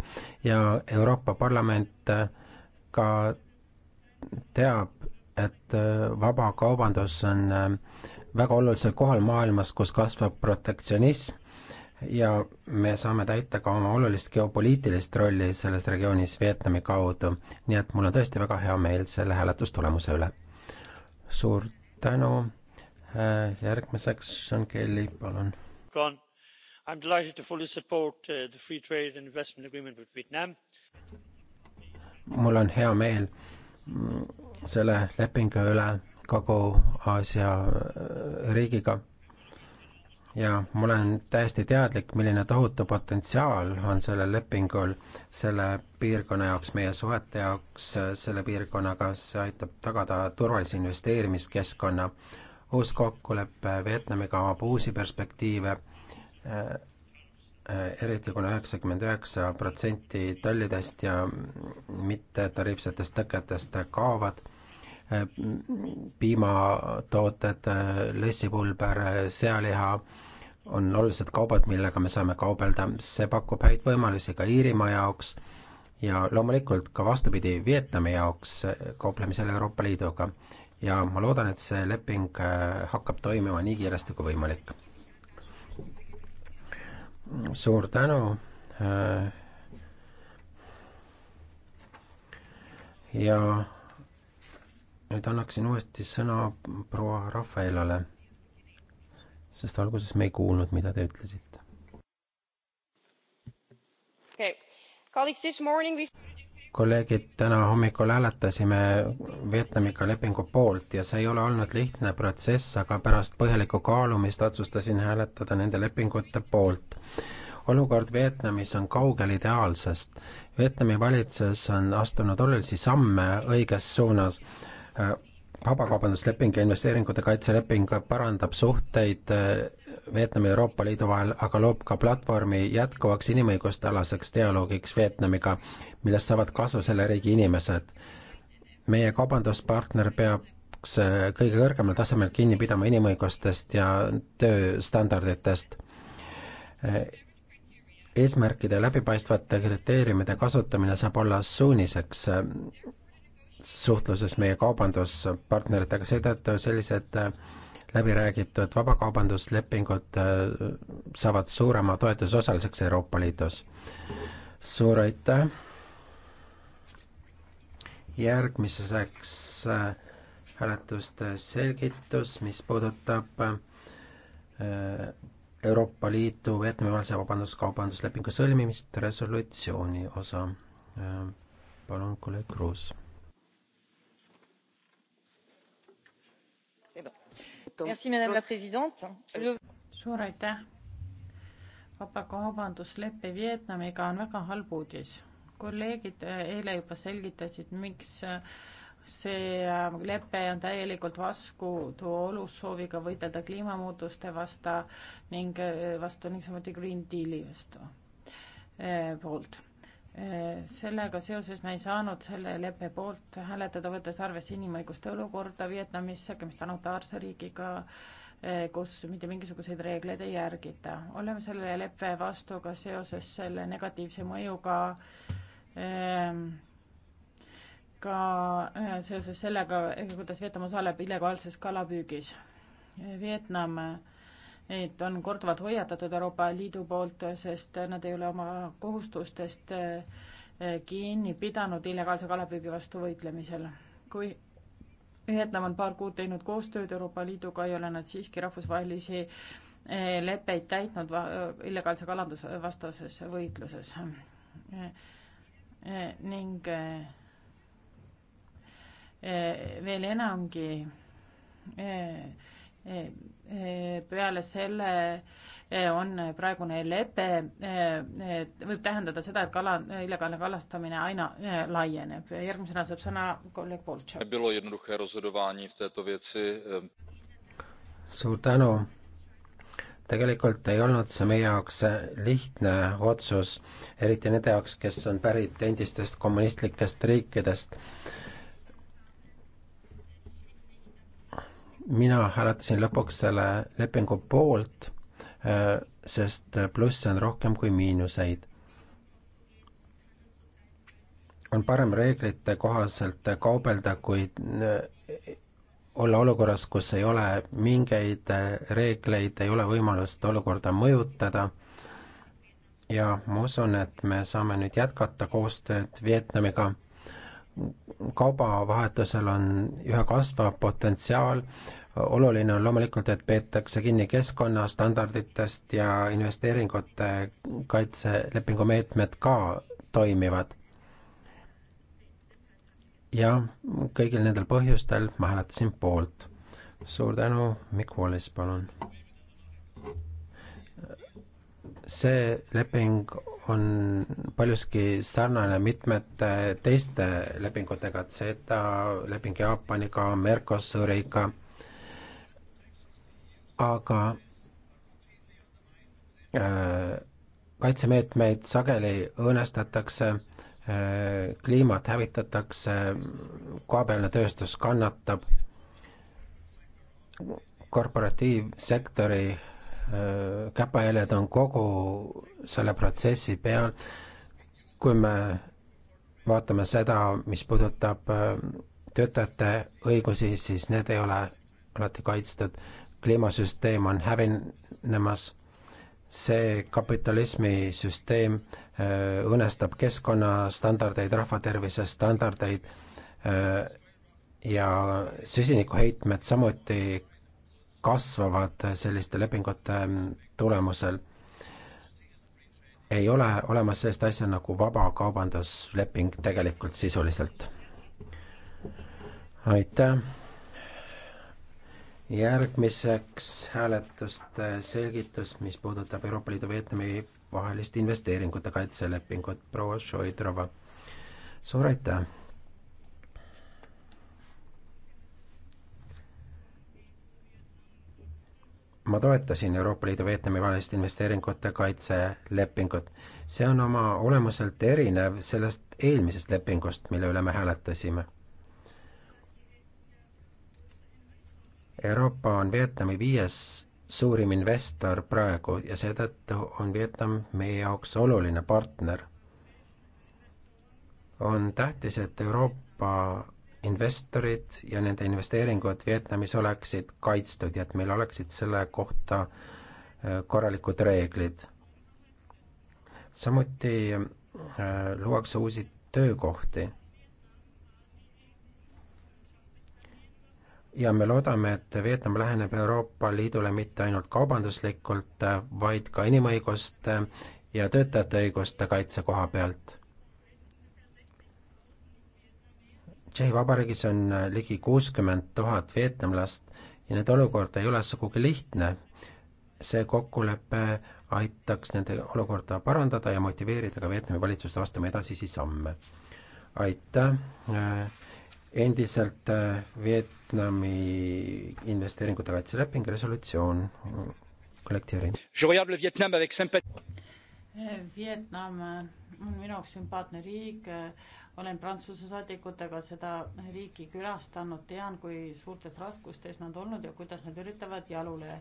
ja Euroopa Parlament äh, ka teab, et äh, vabakaubandus on äh, väga olulisel kohal maailmas, kus kasvab protektsionism ja me saame täita ka oma olulist geopoliitilist rolli selles regioonis Vietnami kaudu. nii et mul on tõesti väga hea meel selle hääletustulemuse üle. suur tänu, äh, järgmiseks Sean Kelly, palun. I am delighted to fully support uh, the free trade and investment agreement with Vietnam. mul on hea meel mm, selle lepingu üle Kagu-Aasia äh, riigiga ja ma olen täiesti teadlik, milline tohutu potentsiaal on sellel lepingul selle piirkonna jaoks, meie suhete jaoks selle piirkonnaga, see aitab tagada turvalise investeerimiskeskkonna. uus kokkulepe Vietnamiga avab uusi perspektiive, äh, eriti kuna üheksakümmend üheksa protsenti tollidest ja mittetariifsetest tõketest kaovad äh, piimatooted, äh, lõssipulber, sealiha, on olulised kaubad, millega me saame kaubelda, see pakub häid võimalusi ka Iirimaa jaoks ja loomulikult ka vastupidi, Vietnami jaoks kauplemisel Euroopa Liiduga. ja ma loodan, et see leping äh, hakkab toimima nii kiiresti kui võimalik. suur tänu äh, ja nüüd annaksin uuesti sõna proua Rafaelale sest alguses me ei kuulnud, mida te ütlesite. kolleegid, täna hommikul hääletasime Vietnamiga lepingu poolt ja see ei ole olnud lihtne protsess, aga pärast põhjalikku kaalumist otsustasin hääletada nende lepingute poolt olukord Vietnamis on kaugel ideaalsest. Vietnami valitsus on astunud olulisi samme õiges suunas vabakaubandusleping ja investeeringute kaitseleping parandab suhteid äh, Vietnami ja Euroopa Liidu vahel, aga loob ka platvormi jätkuvaks inimõiguste alaseks dialoogiks Vietnamiga, millest saavad kasu selle riigi inimesed. meie kaubanduspartner peaks äh, kõige kõrgemal tasemel kinni pidama inimõigustest ja tööstandarditest. Äh, eesmärkide läbipaistvate kriteeriumide kasutamine saab olla suuniseks suhtluses meie kaubanduspartneritega, seetõttu sellised äh, läbiräägitud vabakaubanduslepingud äh, saavad suurema toetuse osaliseks Euroopa Liidus. suur aitäh! järgmiseks äh, hääletuste selgitus, mis puudutab Euroopa Liidu Vietnami-vahelise vabanduskaubanduslepingu sõlmimist resolutsiooni osa. palun, kolleeg Kruus suur aitäh. vabakaubanduslepe Vietnamiga on väga halb uudis. kolleegid eile juba selgitasid, miks see äh, lepe on täielikult vastuolus sooviga võidelda kliimamuutuste vasta ning äh, vastu ning samuti Green Deali vastu, äh, poolt sellega seoses me ei saanud selle leppe poolt hääletada, võttes arvesse inimõiguste olukorda Vietnamis, tegemist on autoritaarse riigiga, eh, kus mitte mingisuguseid reegleid ei järgita. oleme selle leppe vastu ka seoses selle negatiivse mõjuga ehm, ka eh, seoses sellega, kuidas Vietnam osaleb illegaalses kalapüügis. Vietnam Neid on korduvalt hoiatatud Euroopa Liidu poolt, sest nad ei ole oma kohustustest eh, kinni pidanud illegaalse kalapüügi vastu võitlemisel. kui Vietnam on paar kuud teinud koostööd Euroopa Liiduga, ei ole nad siiski rahvusvahelisi eh, leppeid täitnud illegaalse kalanduse vastases võitluses e. E ning e veel enamgi peale selle eh, on praegune lepe, eh, võib tähendada seda, et kala, illegaalne kallastamine aina eh, laieneb. järgmisena saab sõna kolleeg Boltšak. suur tänu. tegelikult ei olnud see meie jaoks lihtne otsus, eriti nende jaoks, kes on pärit endistest kommunistlikest riikidest mina hääletasin lõpuks selle lepingu poolt, äh, sest plusse on rohkem kui miinuseid. on parem reeglite kohaselt kaubelda, kui äh, olla olukorras, kus ei ole mingeid äh, reegleid, ei ole võimalust olukorda mõjutada ja ma usun, et me saame nüüd jätkata koostööd Vietnamiga kaubavahetusel on üha kasvav potentsiaal, oluline on loomulikult, et peetakse kinni keskkonnastandarditest ja investeeringute kaitselepingu meetmed ka toimivad. ja kõigil nendel põhjustel ma hääletasin poolt. suur tänu, Mikk Wallis, palun! see leping on paljuski sarnane mitmete teiste lepingutega, CETA leping Jaapaniga, Mercosuriga, aga äh, kaitsemeetmeid sageli õõnestatakse äh,, kliimat hävitatakse, kohapealne tööstus kannatab, korporatiivsektori äh, Äh, käpajäljed on kogu selle protsessi peal, kui me vaatame seda, mis puudutab äh, töötajate õigusi, siis need ei ole alati kaitstud, kliimasüsteem on hävinemas, see kapitalismi süsteem äh, õõnestab keskkonnastandardeid, rahvatervise standardeid ja süsinikuheitmed samuti kasvavad selliste lepingute tulemusel. ei ole olemas sellist asja nagu vabakaubandusleping tegelikult sisuliselt. aitäh. järgmiseks hääletuste selgitus, mis puudutab Euroopa Liidu Vietnami vahelist investeeringute kaitselepingut, proua Šoidrova. suur aitäh ma toetasin Euroopa Liidu Vietnami vahelist investeeringute kaitselepingut. see on oma olemuselt erinev sellest eelmisest lepingust, mille üle me hääletasime. Euroopa on Vietnami viies suurim investor praegu ja seetõttu on Vietnam meie jaoks oluline partner. on tähtis, et Euroopa investorid ja nende investeeringud Vietnamis oleksid kaitstud ja et meil oleksid selle kohta äh, korralikud reeglid. samuti äh, luuakse uusi töökohti. ja me loodame, et Vietnam läheneb Euroopa Liidule mitte ainult kaubanduslikult, äh, vaid ka inimõiguste ja töötajate õiguste kaitse koha pealt Tšehhi Vabariigis on äh, ligi kuuskümmend tuhat vietnamlast ja nende olukord ei ole sugugi lihtne. see kokkulepe aitaks nende olukorda parandada ja motiveerida ka Vietnami valitsust astuma edasisi samme. aitäh, äh, endiselt äh, Vietnami investeeringute kaitseleping, resolutsioon, kollekteerin. Vietnam on minu jaoks sümpaatne riik, olen Prantsuse saadikutega seda riiki külastanud, tean, kui suurtes raskustes nad olnud ja kuidas nad üritavad jalule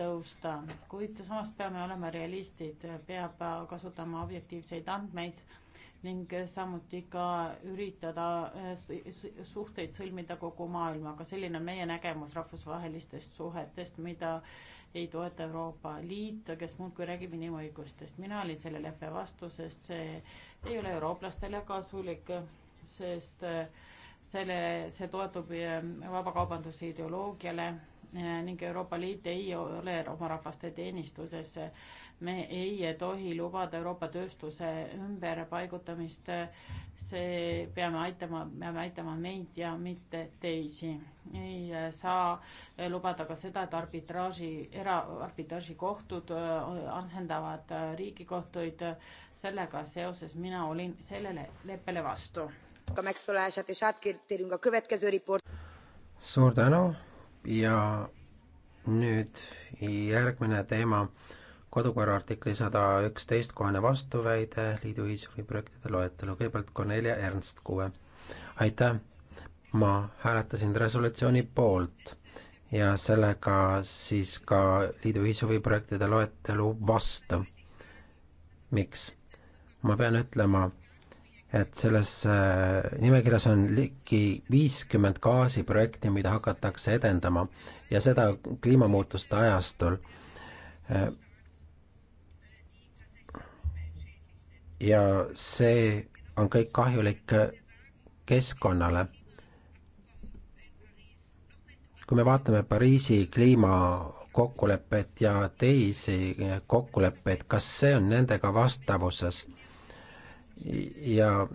tõusta, kuid samas peame olema realistid, peab kasutama objektiivseid andmeid ning samuti ka üritada suhteid sõlmida kogu maailmaga, selline on meie nägemus rahvusvahelistest suhetest, mida ei toeta Euroopa Liit, kes muudkui räägib inimõigustest. mina olin selle leppe vastu, sest see ei ole eurooplastele kasulik, sest äh, selle, see toetub äh, vabakaubanduse ideoloogiale Eh, ning Euroopa Liit ei ole oma rahvaste teenistuses. me ei tohi lubada Euroopa tööstuse ümberpaigutamist. see, peame aitama, peame aitama meid ja mitte teisi. ei saa lubada ka seda, et arbitraaži, eraarbitraažikohtud eh, asendavad eh, riigikohtuid. sellega seoses mina olin sellele leppele vastu. suur tänu ja nüüd järgmine teema, kodukorra artikli sada üksteist kohane vastuväide liidu ühishuviprojektide loetelu, kõigepealt Cornelia Ernst-Kuue. aitäh, ma hääletasin resolutsiooni poolt ja sellega siis ka liidu ühishuviprojektide loetelu vastu. miks? ma pean ütlema et selles äh, nimekirjas on ligi viiskümmend gaasiprojekti, mida hakatakse edendama ja seda kliimamuutuste ajastul. Äh, ja see on kõik kahjulik keskkonnale. kui me vaatame Pariisi kliimakokkulepet ja teisi kokkuleppeid, kas see on nendega vastavuses? ja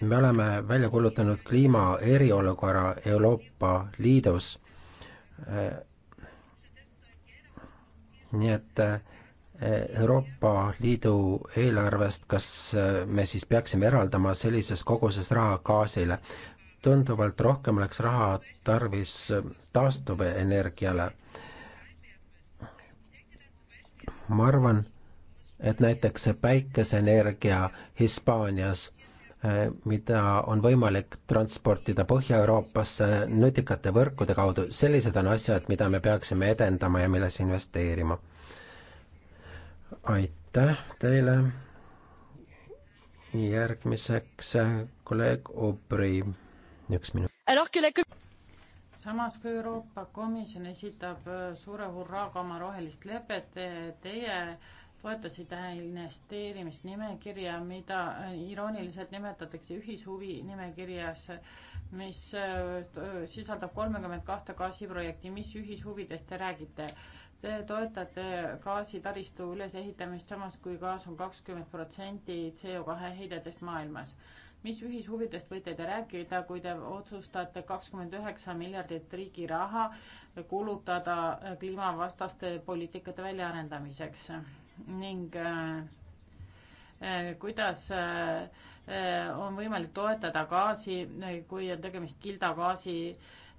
me oleme välja kuulutanud kliima eriolukorra Euroopa Liidus. nii et eh, Euroopa Liidu eelarvest, kas eh, me siis peaksime eraldama sellises koguses raha gaasile? tunduvalt rohkem oleks raha tarvis eh, taastuvenergiale. ma arvan, et näiteks päikeseenergia Hispaanias, eh, mida on võimalik transportida Põhja-Euroopasse nutikate võrkude kaudu, sellised on asjad, mida me peaksime edendama ja millesse investeerima. aitäh teile, järgmiseks eh, kolleeg Obri, üks minut samas kui Euroopa Komisjon esitab eh, suure hurraaga oma rohelist lepet, teie toetasid investeerimisnimekirja, mida äh, irooniliselt nimetatakse ühishuvi nimekirjas, mis äh, sisaldab kolmekümmet kahte gaasiprojekti. mis ühishuvidest te räägite? Te toetate gaasitaristu ülesehitamist, samas kui gaas on kakskümmend protsenti CO2 heidetest maailmas. mis ühishuvidest võite te rääkida, kui te otsustate kakskümmend üheksa miljardit riigi raha kulutada kliimavastaste poliitikate väljaarendamiseks? ning äh, äh, kuidas äh, on võimalik toetada gaasi, kui on tegemist kildagaasi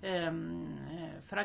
ähm,